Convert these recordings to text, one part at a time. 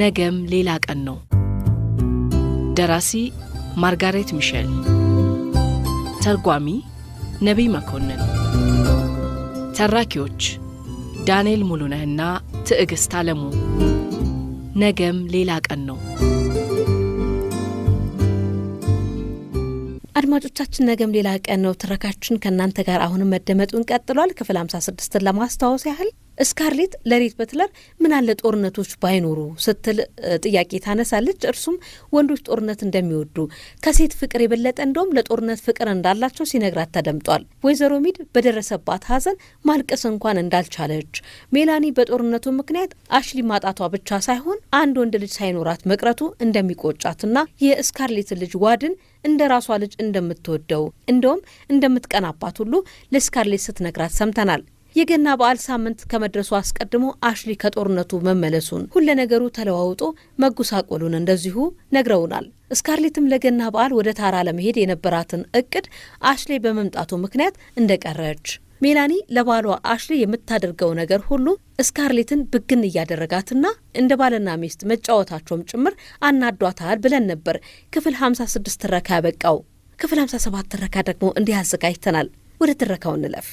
ነገም ሌላ ቀን ነው። ደራሲ ማርጋሬት ሚሸል ተርጓሚ ነቢይ መኮንን፣ ተራኪዎች ዳንኤል ሙሉነህና ትዕግሥት አለሙ። ነገም ሌላ ቀን ነው። አድማጮቻችን ነገም ሌላ ቀን ነው ትረካችን ከእናንተ ጋር አሁንም መደመጡን ቀጥሏል። ክፍል 56ን ለማስታወስ ያህል ስካርሌት ለሬት በትለር ምን አለ ጦርነቶች ባይኖሩ ስትል ጥያቄ ታነሳለች። እርሱም ወንዶች ጦርነት እንደሚወዱ ከሴት ፍቅር የበለጠ እንደውም ለጦርነት ፍቅር እንዳላቸው ሲነግራት ተደምጧል። ወይዘሮ ሚድ በደረሰባት ሀዘን ማልቀስ እንኳን እንዳልቻለች፣ ሜላኒ በጦርነቱ ምክንያት አሽሊ ማጣቷ ብቻ ሳይሆን አንድ ወንድ ልጅ ሳይኖራት መቅረቱ እንደሚቆጫትና የስካርሌት ልጅ ዋድን እንደ ራሷ ልጅ እንደምትወደው እንደውም እንደምትቀናባት ሁሉ ለስካርሌት ስትነግራት ሰምተናል። የገና በዓል ሳምንት ከመድረሱ አስቀድሞ አሽሊ ከጦርነቱ መመለሱን ሁለ ነገሩ ተለዋውጦ መጉሳቆሉን እንደዚሁ ነግረውናል። ስካርሌትም ለገና በዓል ወደ ታራ ለመሄድ የነበራትን እቅድ አሽሌ በመምጣቱ ምክንያት እንደቀረች፣ ሜላኒ ለባሏ አሽሌ የምታደርገው ነገር ሁሉ ስካርሌትን ብግን እያደረጋትና እንደ ባልና ሚስት መጫወታቸውም ጭምር አናዷታል ብለን ነበር። ክፍል 56 ትረካ ያበቃው። ክፍል 57 ትረካ ደግሞ እንዲህ አዘጋጅተናል። ወደ ትረካው እንለፍ።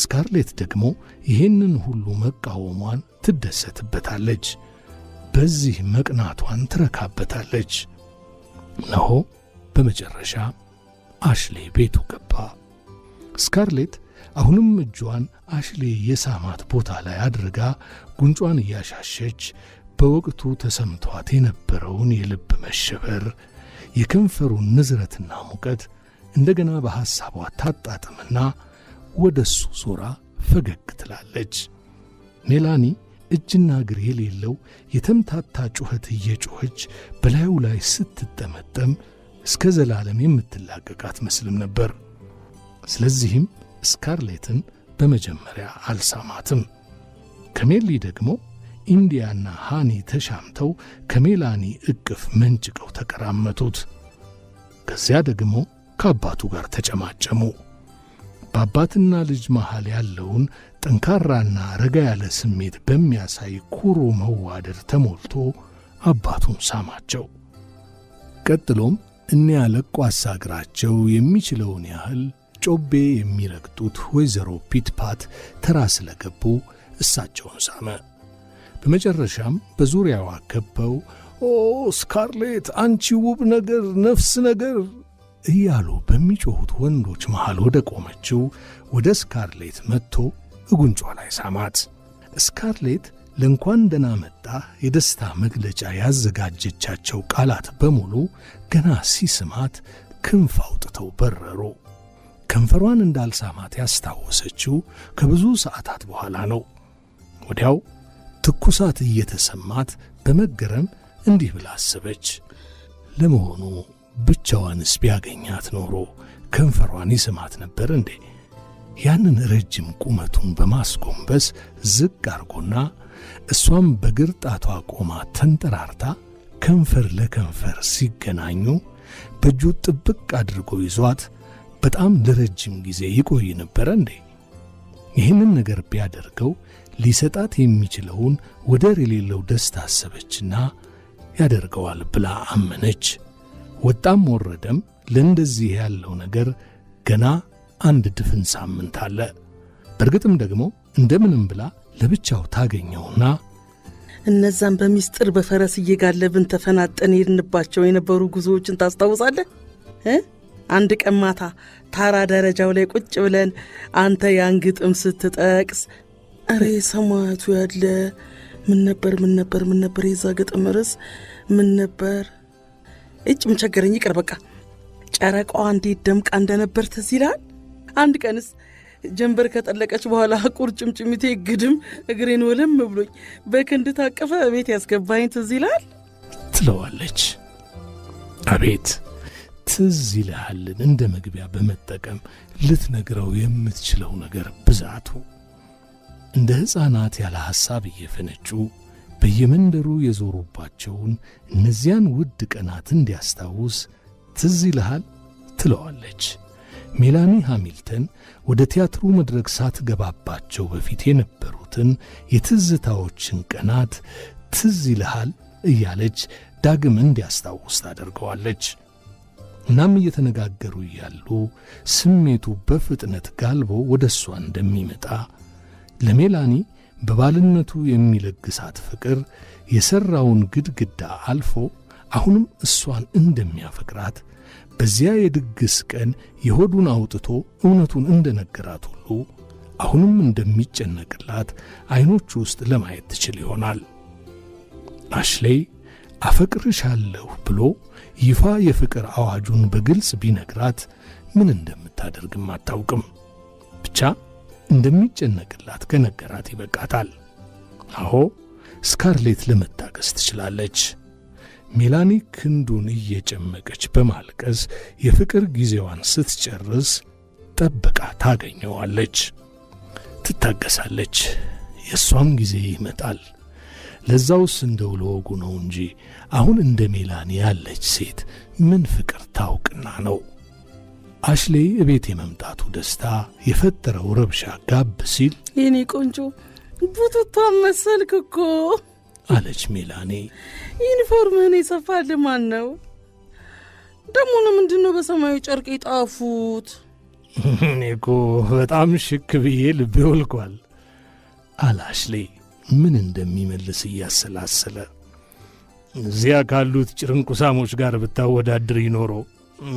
ስካርሌት ደግሞ ይህንን ሁሉ መቃወሟን ትደሰትበታለች። በዚህ መቅናቷን ትረካበታለች። እነሆ በመጨረሻ አሽሌ ቤቱ ገባ። ስካርሌት አሁንም እጇን አሽሌ የሳማት ቦታ ላይ አድርጋ ጉንጯን እያሻሸች በወቅቱ ተሰምቷት የነበረውን የልብ መሸበር፣ የከንፈሩን ንዝረትና ሙቀት እንደገና በሐሳቧ ታጣጥምና ወደ እሱ ዞራ ፈገግ ትላለች። ሜላኒ እጅና እግር የሌለው የተምታታ ጩኸት እየጮኸች በላዩ ላይ ስትጠመጠም እስከ ዘላለም የምትላቀቅ አትመስልም ነበር። ስለዚህም ስካርሌትን በመጀመሪያ አልሳማትም። ከሜሊ ደግሞ ኢንዲያና ሃኒ ተሻምተው ከሜላኒ እቅፍ መንጭቀው ተቀራመቱት። ከዚያ ደግሞ ከአባቱ ጋር ተጨማጨሙ። በአባትና ልጅ መሃል ያለውን ጠንካራና ረጋ ያለ ስሜት በሚያሳይ ኩሩ መዋደድ ተሞልቶ አባቱን ሳማቸው። ቀጥሎም እኒያ ለቋሳ እግራቸው የሚችለውን ያህል ጮቤ የሚረግጡት ወይዘሮ ፒትፓት ተራ ስለገቡ እሳቸውን ሳመ። በመጨረሻም በዙሪያዋ ከበው ኦ ስካርሌት፣ አንቺ ውብ ነገር፣ ነፍስ ነገር እያሉ በሚጮሁት ወንዶች መሃል ወደ ቆመችው ወደ ስካርሌት መጥቶ እጉንጯ ላይ ሳማት። ስካርሌት ለእንኳን ደና መጣ የደስታ መግለጫ ያዘጋጀቻቸው ቃላት በሙሉ ገና ሲስማት ክንፍ አውጥተው በረሩ። ከንፈሯን እንዳልሳማት ያስታወሰችው ከብዙ ሰዓታት በኋላ ነው። ወዲያው ትኩሳት እየተሰማት በመገረም እንዲህ ብላ አሰበች፣ ለመሆኑ ብቻዋንስ ቢያገኛት ኖሮ ከንፈሯን ይስማት ነበር እንዴ? ያንን ረጅም ቁመቱን በማስጎንበስ ዝቅ አርጎና እሷም በግር ጣቷ ቆማ ተንጠራርታ ከንፈር ለከንፈር ሲገናኙ በእጁ ጥብቅ አድርጎ ይዟት በጣም ለረጅም ጊዜ ይቆይ ነበረ እንዴ? ይህንን ነገር ቢያደርገው ሊሰጣት የሚችለውን ወደር የሌለው ደስታ አሰበችና ያደርገዋል ብላ አመነች። ወጣም ወረደም ለእንደዚህ ያለው ነገር ገና አንድ ድፍን ሳምንት አለ። በእርግጥም ደግሞ እንደምንም ብላ ለብቻው ታገኘውና እነዛን በሚስጥር በፈረስ እየጋለብን ተፈናጠን ሄድንባቸው የነበሩ ጉዞዎችን ታስታውሳለህ? አንድ ቀን ማታ ታራ ደረጃው ላይ ቁጭ ብለን አንተ ያን ግጥም ስትጠቅስ እሬ ሰማያቱ ያለ ምን ነበር ምን ነበር ምን ነበር የዛ ግጥም ርዕስ ምን ነበር እጭ ምን ቸገረኝ፣ ይቅር በቃ። ጨረቃዋ እንዴት ደምቃ እንደነበር ትዝ ይላል። አንድ ቀንስ ጀንበር ከጠለቀች በኋላ ቁርጭምጭሚቴ ግድም እግሬን ወለም ብሎኝ በክንድ ታቅፈ ቤት ያስገባኝ ትዝ ይላል ትለዋለች። አቤት ትዝ ይልሃልን? እንደ መግቢያ በመጠቀም ልትነግረው የምትችለው ነገር ብዛቱ እንደ ሕፃናት ያለ ሐሳብ እየፈነጩ በየመንደሩ የዞሩባቸውን እነዚያን ውድ ቀናት እንዲያስታውስ ትዝ ይልሃል ትለዋለች። ሜላኒ ሃሚልተን ወደ ቲያትሩ መድረክ ሳትገባባቸው በፊት የነበሩትን የትዝታዎችን ቀናት ትዝ ይልሃል እያለች ዳግም እንዲያስታውስ ታደርገዋለች። እናም እየተነጋገሩ እያሉ ስሜቱ በፍጥነት ጋልቦ ወደ እሷ እንደሚመጣ ለሜላኒ በባልነቱ የሚለግሳት ፍቅር የሠራውን ግድግዳ አልፎ አሁንም እሷን እንደሚያፈቅራት በዚያ የድግስ ቀን የሆዱን አውጥቶ እውነቱን እንደነገራት ሁሉ አሁንም እንደሚጨነቅላት ዐይኖቹ ውስጥ ለማየት ትችል ይሆናል። አሽሌይ አፈቅርሻለሁ ብሎ ይፋ የፍቅር አዋጁን በግልጽ ቢነግራት ምን እንደምታደርግም አታውቅም ብቻ እንደሚጨነቅላት ከነገራት ይበቃታል። አሆ ስካርሌት ለመታገስ ትችላለች። ሜላኒ ክንዱን እየጨመቀች በማልቀስ የፍቅር ጊዜዋን ስትጨርስ ጠብቃ ታገኘዋለች። ትታገሳለች። የእሷም ጊዜ ይመጣል። ለዛውስ እንደው ለወጉ ነው እንጂ አሁን እንደ ሜላኒ ያለች ሴት ምን ፍቅር ታውቅና ነው? አሽሌ እቤት የመምጣቱ ደስታ የፈጠረው ረብሻ ጋብ ሲል የኔ ቆንጆ ቡቱታ መሰልክ እኮ አለች ሜላኔ። ዩኒፎርምህን የሰፋልህ ማን ነው? ደግሞ ለምንድን ነው በሰማያዊ ጨርቅ የጣፉት? እኔ እኮ በጣም ሽክ ብዬ ልቤ ወልቋል አለ አሽሌ ምን እንደሚመልስ እያሰላሰለ። እዚያ ካሉት ጭርንቁሳሞች ጋር ብታወዳድር ይኖረው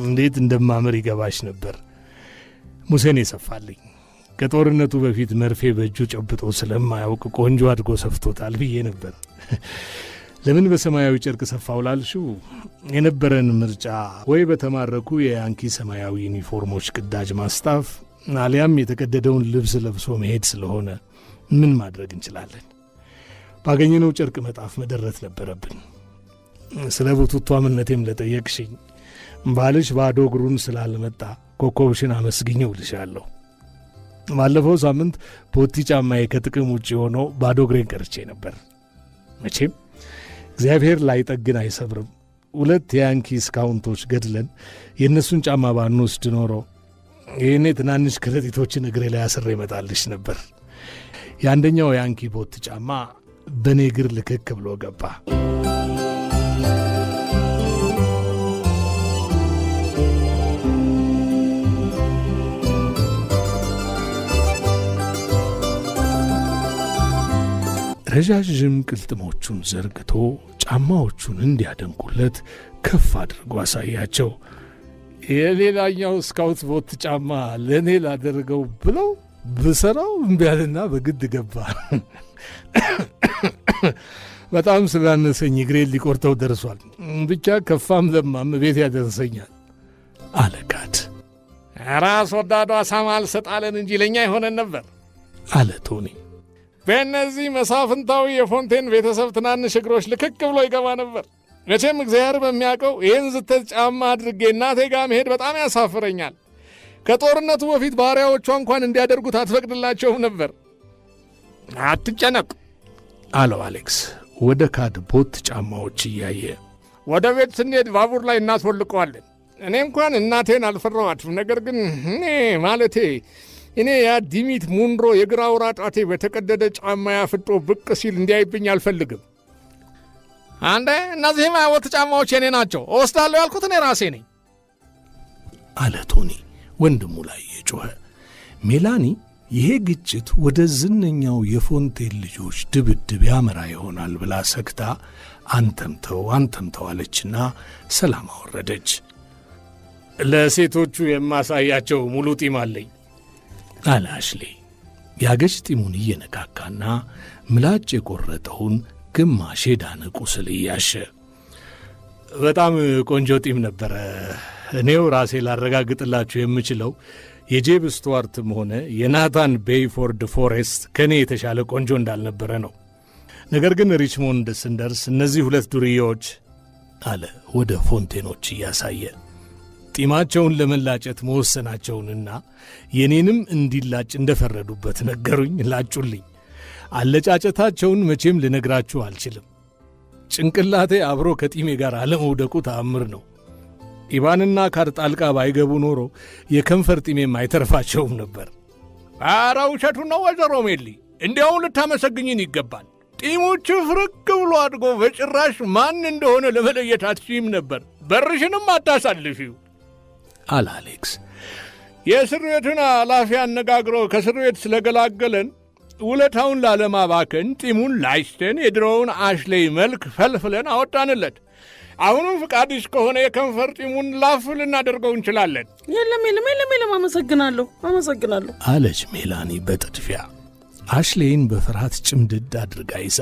እንዴት እንደማምር ይገባሽ ነበር። ሙሴን የሰፋልኝ ከጦርነቱ በፊት መርፌ በእጁ ጨብጦ ስለማያውቅ ቆንጆ አድጎ ሰፍቶታል ብዬ ነበር። ለምን በሰማያዊ ጨርቅ ሰፋው ላልሽው የነበረን ምርጫ ወይ በተማረኩ የያንኪ ሰማያዊ ዩኒፎርሞች ቅዳጅ ማስጣፍ አሊያም የተቀደደውን ልብስ ለብሶ መሄድ ስለሆነ ምን ማድረግ እንችላለን? ባገኘነው ጨርቅ መጣፍ መደረት ነበረብን። ስለ ቡቱቷ ምነቴም ለጠየቅሽኝ ባልሽ ባዶ እግሩን ስላልመጣ ኮከብሽን አመስግኘው ውልሻለሁ። ባለፈው ሳምንት ቦቲ ጫማዬ ከጥቅም ውጭ ሆኖ ባዶ እግሬን ቀርቼ ነበር። መቼም እግዚአብሔር ላይጠግን አይሰብርም። ሁለት የያንኪ ስካውንቶች ገድለን የእነሱን ጫማ ባንወስድ ኖሮ ይህኔ ትናንሽ ከረጢቶችን እግሬ ላይ አስሬ ይመጣልሽ ነበር። የአንደኛው ያንኪ ቦት ጫማ በእኔ እግር ልክክ ብሎ ገባ። ረዣዥም ቅልጥሞቹን ዘርግቶ ጫማዎቹን እንዲያደንቁለት ከፍ አድርጎ አሳያቸው። የሌላኛው ስካውት ቦት ጫማ ለእኔ ላደረገው ብለው ብሰራው እምቢያልና በግድ ገባ። በጣም ስላነሰኝ እግሬን ሊቆርጠው ደርሷል። ብቻ ከፋም ለማም ቤት ያደርሰኛል አለካት። ራስ ወዳዷ ሳማ አልሰጣለን እንጂ ለእኛ ይሆነን ነበር አለ ቶኒ። በእነዚህ መሳፍንታዊ የፎንቴን ቤተሰብ ትናንሽ እግሮች ልክክ ብሎ ይገባ ነበር። መቼም እግዚአብሔር በሚያውቀው ይህን ዝተት ጫማ አድርጌ እናቴ ጋ መሄድ በጣም ያሳፍረኛል። ከጦርነቱ በፊት ባሪያዎቿ እንኳን እንዲያደርጉት አትፈቅድላቸውም ነበር። አትጨነቅ አለው አሌክስ ወደ ካድ ቦት ጫማዎች እያየ ወደ ቤት ስንሄድ ባቡር ላይ እናስወልቀዋለን። እኔ እንኳን እናቴን አልፈራኋትም። ነገር ግን እኔ ማለቴ እኔ ያ ዲሚት ሙንሮ የግራ አውራ ጣቴ በተቀደደ ጫማ ያፍጦ ብቅ ሲል እንዲያይብኝ አልፈልግም። አንዴ እነዚህም አይወት ጫማዎች የኔ ናቸው እወስዳለሁ ያልኩት እኔ ራሴ ነኝ አለ ቶኒ ወንድሙ ላይ የጮኸ። ሜላኒ ይሄ ግጭት ወደ ዝነኛው የፎንቴን ልጆች ድብድብ ያመራ ይሆናል ብላ ሰግታ አንተምተው አንተምተው አለችና ሰላም አወረደች። ለሴቶቹ የማሳያቸው ሙሉ ጢም አለኝ አለ አሽሌ የአገጭ ጢሙን እየነካካና ምላጭ የቆረጠውን ግማሽ የዳነ ቁስል እያሸ። በጣም ቆንጆ ጢም ነበረ። እኔው ራሴ ላረጋግጥላችሁ የምችለው የጄብ ስቱዋርትም ሆነ የናታን ቤይፎርድ ፎሬስት ከእኔ የተሻለ ቆንጆ እንዳልነበረ ነው። ነገር ግን ሪችሞንድ ስንደርስ እነዚህ ሁለት ዱርዬዎች አለ ወደ ፎንቴኖች እያሳየ ጢማቸውን ለመላጨት መወሰናቸውንና የኔንም እንዲላጭ እንደፈረዱበት ነገሩኝ፣ ላጩልኝ። አለጫጨታቸውን መቼም ልነግራችሁ አልችልም። ጭንቅላቴ አብሮ ከጢሜ ጋር አለመውደቁ ተአምር ነው። ኢባንና ካር ጣልቃ ባይገቡ ኖሮ የከንፈር ጢሜም አይተርፋቸውም ነበር። ኧረ ውሸቱን ነው ወይዘሮ ሜሊ፣ እንዲያውም ልታመሰግኝን ይገባል። ጢሞች ፍርቅ ብሎ አድጎ በጭራሽ ማን እንደሆነ ለመለየት አትችይም ነበር። በርሽንም አታሳልፊው። አለ አሌክስ። የእስር ቤቱን ኃላፊ አነጋግሮ ከእስር ቤት ስለገላገለን ውለታውን ላለማባከን ጢሙን ላጭተን የድሮውን አሽሌይ መልክ ፈልፍለን አወጣንለት። አሁኑም ፍቃድሽ ከሆነ የከንፈር ጢሙን ላፍ ልናደርገው እንችላለን። የለም የለም የለም የለም፣ አመሰግናለሁ አመሰግናለሁ አለች ሜላኒ በጥድፊያ አሽሌይን በፍርሃት ጭምድድ አድርጋ ይዛ።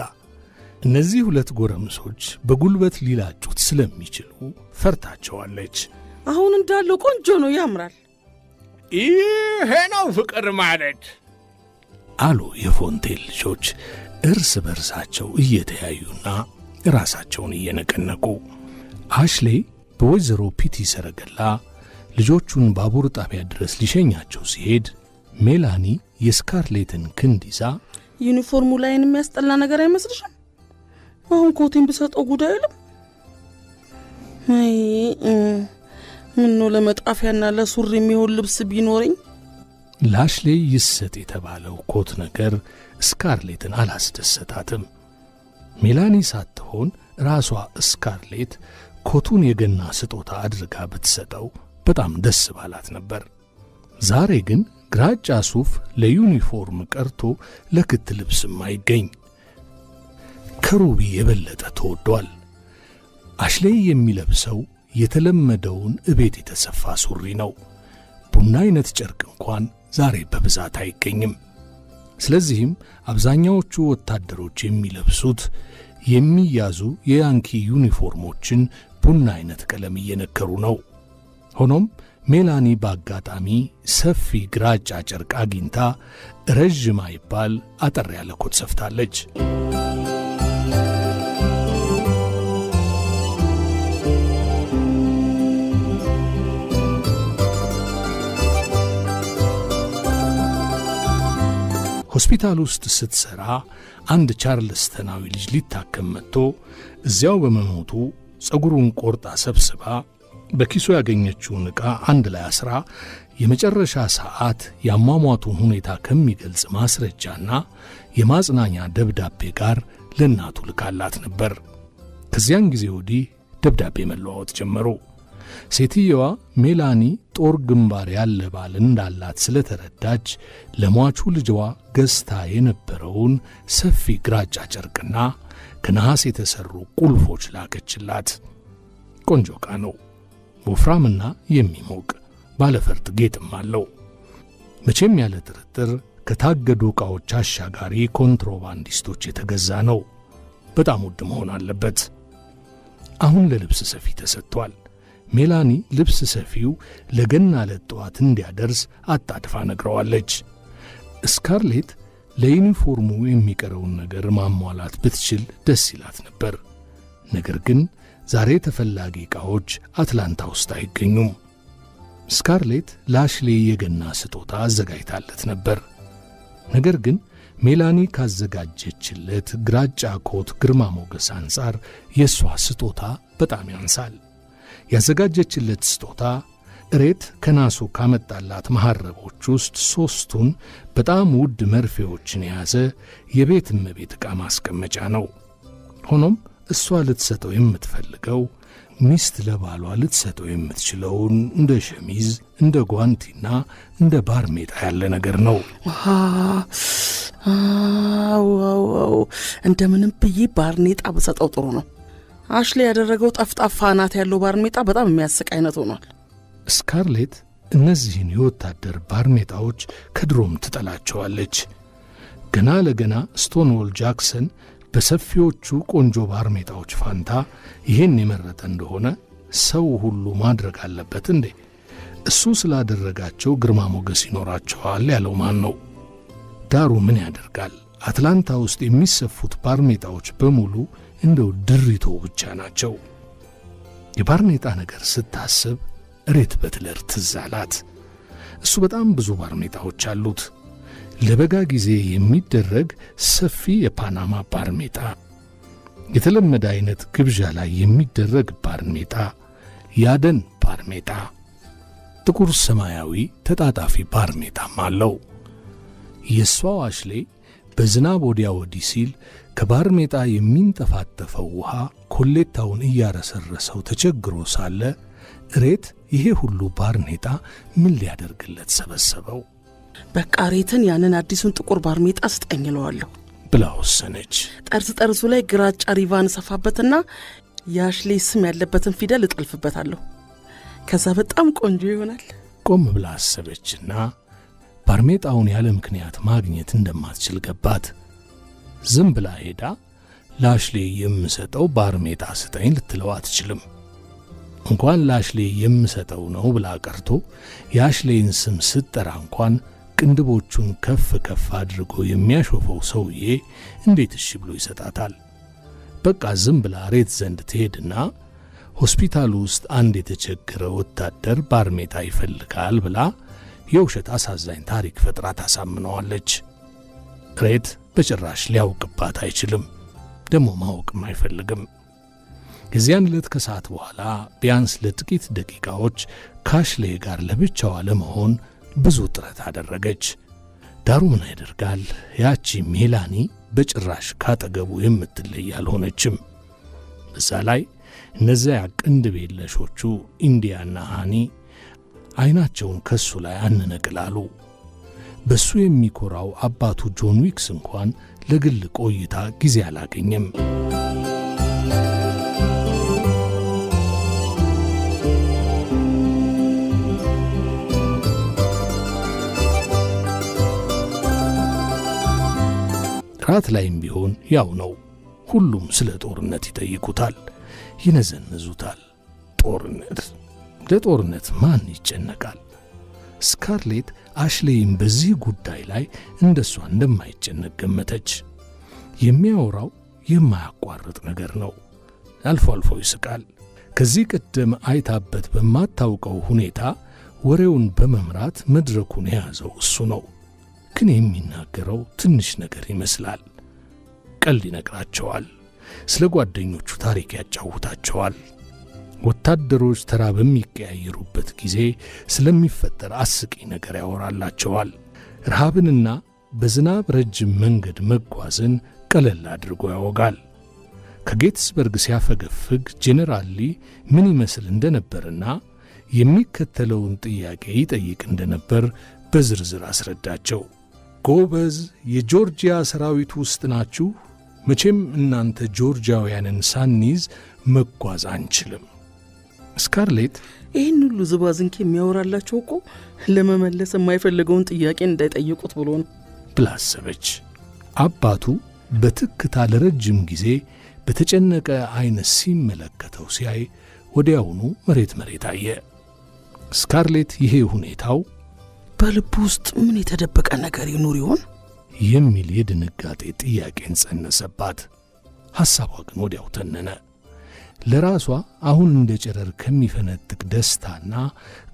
እነዚህ ሁለት ጎረምሶች በጉልበት ሊላጩት ስለሚችሉ ፈርታቸዋለች። አሁን እንዳለው ቆንጆ ነው፣ ያምራል። ይሄ ነው ፍቅር ማለት አሉ የፎንቴን ልጆች እርስ በርሳቸው እየተያዩና ራሳቸውን እየነቀነቁ። አሽሌ በወይዘሮ ፒቲ ሰረገላ ልጆቹን ባቡር ጣቢያ ድረስ ሊሸኛቸው ሲሄድ ሜላኒ የስካርሌትን ክንድ ይዛ ዩኒፎርሙ ላይን የሚያስጠላ ነገር አይመስልሽም? አሁን ኮቴን ብሰጠው ጉዳይ አይልም። ምኖ ለመጣፊያና ለሱሪ የሚሆን ልብስ ቢኖረኝ። ላሽሌ ይሰጥ የተባለው ኮት ነገር ስካርሌትን አላስደሰታትም። ሜላኒ ሳትሆን ራሷ ስካርሌት ኮቱን የገና ስጦታ አድርጋ ብትሰጠው በጣም ደስ ባላት ነበር። ዛሬ ግን ግራጫ ሱፍ ለዩኒፎርም ቀርቶ ለክት ልብስም አይገኝ ከሩቢ የበለጠ ተወዷል። አሽሌይ የሚለብሰው የተለመደውን እቤት የተሰፋ ሱሪ ነው። ቡና አይነት ጨርቅ እንኳን ዛሬ በብዛት አይገኝም። ስለዚህም አብዛኛዎቹ ወታደሮች የሚለብሱት የሚያዙ የያንኪ ዩኒፎርሞችን ቡና አይነት ቀለም እየነከሩ ነው። ሆኖም ሜላኒ በአጋጣሚ ሰፊ ግራጫ ጨርቅ አግኝታ ረዥም አይባል አጠር ያለ ኮት ሰፍታለች። ሆስፒታል ውስጥ ስትሠራ አንድ ቻርልስተናዊ ልጅ ሊታከም መጥቶ እዚያው በመሞቱ ጸጉሩን ቆርጣ ሰብስባ በኪሶ ያገኘችውን ዕቃ አንድ ላይ አስራ የመጨረሻ ሰዓት የአሟሟቱን ሁኔታ ከሚገልጽ ማስረጃና የማጽናኛ ደብዳቤ ጋር ለእናቱ ልካላት ነበር። ከዚያን ጊዜ ወዲህ ደብዳቤ መለዋወጥ ጀመሩ። ሴትየዋ ሜላኒ ጦር ግንባር ያለ ባል እንዳላት ስለተረዳች ለሟቹ ልጅዋ ገዝታ የነበረውን ሰፊ ግራጫ ጨርቅና ከነሐስ የተሠሩ ቁልፎች ላከችላት። ቆንጆ ዕቃ ነው። ወፍራምና የሚሞቅ ባለፈርጥ ጌጥም አለው። መቼም ያለ ጥርጥር ከታገዱ ዕቃዎች አሻጋሪ ኮንትሮባንዲስቶች የተገዛ ነው። በጣም ውድ መሆን አለበት። አሁን ለልብስ ሰፊ ተሰጥቷል። ሜላኒ ልብስ ሰፊው ለገና ለጠዋት እንዲያደርስ አጣድፋ ነግረዋለች። ስካርሌት ለዩኒፎርሙ የሚቀረውን ነገር ማሟላት ብትችል ደስ ይላት ነበር። ነገር ግን ዛሬ ተፈላጊ ዕቃዎች አትላንታ ውስጥ አይገኙም። ስካርሌት ለአሽሌ የገና ስጦታ አዘጋጅታለት ነበር። ነገር ግን ሜላኒ ካዘጋጀችለት ግራጫ ኮት ግርማ ሞገስ አንጻር የእሷ ስጦታ በጣም ያንሳል። ያዘጋጀችለት ስጦታ እሬት ከናሱ ካመጣላት መሐረቦች ውስጥ ሦስቱን በጣም ውድ መርፌዎችን የያዘ የቤት እመቤት ዕቃ ማስቀመጫ ነው። ሆኖም እሷ ልትሰጠው የምትፈልገው ሚስት ለባሏ ልትሰጠው የምትችለውን እንደ ሸሚዝ፣ እንደ ጓንቲና እንደ ባርሜጣ ያለ ነገር ነው። እንደምንም ብዬ ባርኔጣ በሰጠው ጥሩ ነው። አሽሌ ያደረገው ጠፍጣፋ አናት ያለው ባርኔጣ በጣም የሚያስቅ አይነት ሆኗል። ስካርሌት እነዚህን የወታደር ባርኔጣዎች ከድሮም ትጠላቸዋለች። ገና ለገና ስቶንዎል ጃክሰን በሰፊዎቹ ቆንጆ ባርኔጣዎች ፋንታ ይህን የመረጠ እንደሆነ ሰው ሁሉ ማድረግ አለበት እንዴ? እሱ ስላደረጋቸው ግርማ ሞገስ ይኖራቸዋል ያለው ማን ነው? ዳሩ ምን ያደርጋል አትላንታ ውስጥ የሚሰፉት ባርኔጣዎች በሙሉ እንደው ድሪቶ ብቻ ናቸው። የባርኔጣ ነገር ስታስብ ሬት በትለር ትዝ አላት። እሱ በጣም ብዙ ባርኔጣዎች አሉት። ለበጋ ጊዜ የሚደረግ ሰፊ የፓናማ ባርኔጣ፣ የተለመደ አይነት ግብዣ ላይ የሚደረግ ባርኔጣ፣ ያደን ባርኔጣ፣ ጥቁር ሰማያዊ ተጣጣፊ ባርኔጣም አለው። የእሷ ዋሽሌ በዝናብ ወዲያ ወዲህ ሲል ከባርሜጣ የሚንጠፋጠፈው ውሃ ኮሌታውን እያረሰረሰው ተቸግሮ ሳለ እሬት ይሄ ሁሉ ባርኔጣ ምን ሊያደርግለት ሰበሰበው? በቃ እሬትን ያንን አዲሱን ጥቁር ባርኔጣ ስጠኝ እለዋለሁ ብላ ወሰነች። ጠርዝ ጠርዙ ላይ ግራጫ ሪቫን ሰፋበትና የአሽሌ ስም ያለበትን ፊደል እጠልፍበታለሁ። ከዛ በጣም ቆንጆ ይሆናል። ቆም ብላ አሰበችና ባርሜጣውን ያለ ምክንያት ማግኘት እንደማትችል ገባት። ዝም ብላ ሄዳ ላሽሌ የምሰጠው ባርሜጣ ስጠኝ ልትለው አትችልም። እንኳን ላሽሌ የምሰጠው ነው ብላ ቀርቶ የአሽሌን ስም ስትጠራ እንኳን ቅንድቦቹን ከፍ ከፍ አድርጎ የሚያሾፈው ሰውዬ እንዴት እሺ ብሎ ይሰጣታል? በቃ ዝም ብላ ሬት ዘንድ ትሄድና ሆስፒታሉ ውስጥ አንድ የተቸገረ ወታደር ባርሜጣ ይፈልጋል ብላ የውሸት አሳዛኝ ታሪክ ፈጥራ ታሳምነዋለች። ክሬት በጭራሽ ሊያውቅባት አይችልም፣ ደግሞ ማወቅም አይፈልግም። የዚያን ዕለት ከሰዓት በኋላ ቢያንስ ለጥቂት ደቂቃዎች ካሽሌ ጋር ለብቻዋ ለመሆን ብዙ ጥረት አደረገች። ዳሩ ምን ያደርጋል፣ ያቺ ሜላኒ በጭራሽ ካጠገቡ የምትለይ አልሆነችም። እዛ ላይ እነዚያ ቅንድብ ኢንዲያና ሃኒ ዐይናቸውን ከሱ ላይ አንነቅላሉ። በሱ የሚኮራው አባቱ ጆን ዊክስ እንኳን ለግል ቆይታ ጊዜ አላገኘም። ራት ላይም ቢሆን ያው ነው። ሁሉም ስለ ጦርነት ይጠይቁታል፣ ይነዘንዙታል። ጦርነት ለጦርነት ማን ይጨነቃል? ስካርሌት አሽሌይም በዚህ ጉዳይ ላይ እንደሷ እንደማይጨነቅ ገመተች። የሚያወራው የማያቋርጥ ነገር ነው። አልፎ አልፎ ይስቃል። ከዚህ ቀደም አይታበት በማታውቀው ሁኔታ ወሬውን በመምራት መድረኩን የያዘው እሱ ነው። ግን የሚናገረው ትንሽ ነገር ይመስላል። ቀልድ ይነግራቸዋል። ስለ ጓደኞቹ ታሪክ ያጫውታቸዋል። ወታደሮች ተራ በሚቀያየሩበት ጊዜ ስለሚፈጠር አስቂ ነገር ያወራላቸዋል። ረሃብንና በዝናብ ረጅም መንገድ መጓዝን ቀለል አድርጎ ያወጋል። ከጌትስበርግ ሲያፈገፍግ ጄኔራል ሊ ምን ይመስል እንደነበርና የሚከተለውን ጥያቄ ይጠይቅ እንደነበር በዝርዝር አስረዳቸው። ጎበዝ፣ የጆርጂያ ሰራዊት ውስጥ ናችሁ? መቼም እናንተ ጆርጂያውያንን ሳንይዝ መጓዝ አንችልም። ስካርሌት ይህን ሁሉ ዝባዝንኬ የሚያወራላቸው እኮ ለመመለስ የማይፈልገውን ጥያቄ እንዳይጠይቁት ብሎ ነው ብላ አሰበች። አባቱ በትክታ ለረጅም ጊዜ በተጨነቀ አይነት ሲመለከተው ሲያይ ወዲያውኑ መሬት መሬት አየ። ስካርሌት ይሄ ሁኔታው በልቡ ውስጥ ምን የተደበቀ ነገር ይኑር ይሆን የሚል የድንጋጤ ጥያቄን ጸነሰባት። ሐሳቧ ግን ወዲያው ተነነ። ለራሷ አሁን እንደ ጨረር ከሚፈነጥቅ ደስታና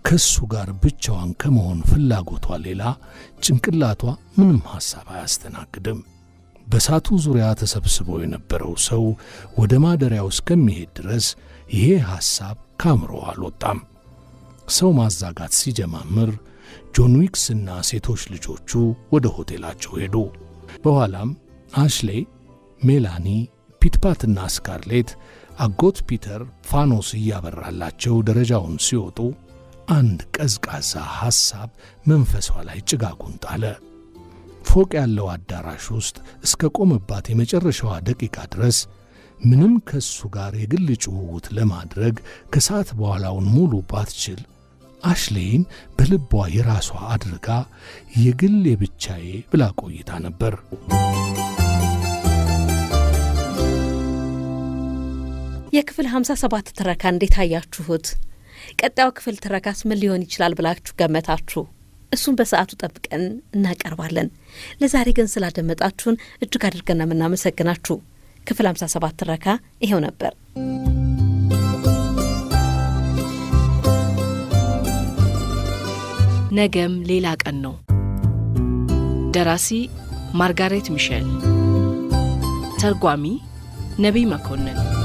ከሱ ጋር ብቻዋን ከመሆን ፍላጎቷ ሌላ ጭንቅላቷ ምንም ሐሳብ አያስተናግድም። በሳቱ ዙሪያ ተሰብስቦ የነበረው ሰው ወደ ማደሪያው እስከሚሄድ ድረስ ይሄ ሐሳብ ካምሮ አልወጣም። ሰው ማዛጋት ሲጀማምር ጆን ዊክስና ሴቶች ልጆቹ ወደ ሆቴላቸው ሄዱ። በኋላም አሽሌ፣ ሜላኒ፣ ፒትፓትና ስካርሌት አጎት ፒተር ፋኖስ እያበራላቸው ደረጃውን ሲወጡ አንድ ቀዝቃዛ ሐሳብ መንፈሷ ላይ ጭጋጉን ጣለ። ፎቅ ያለው አዳራሽ ውስጥ እስከ ቆመባት የመጨረሻዋ ደቂቃ ድረስ ምንም ከሱ ጋር የግል ጭውውት ለማድረግ ከሰዓት በኋላውን ሙሉ ባትችል አሽሌይን በልቧ የራሷ አድርጋ የግል የብቻዬ ብላ ቆይታ ነበር። የክፍል 57 ትረካ እንዴት አያችሁት? ቀጣዩ ክፍል ትረካስ ምን ሊሆን ይችላል ብላችሁ ገመታችሁ? እሱን በሰዓቱ ጠብቀን እናቀርባለን። ለዛሬ ግን ስላደመጣችሁን እጅግ አድርገን የምናመሰግናችሁ። ክፍል 57 ትረካ ይኸው ነበር። ነገም ሌላ ቀን ነው። ደራሲ ማርጋሬት ሚሼል፣ ተርጓሚ ነቢይ መኮንን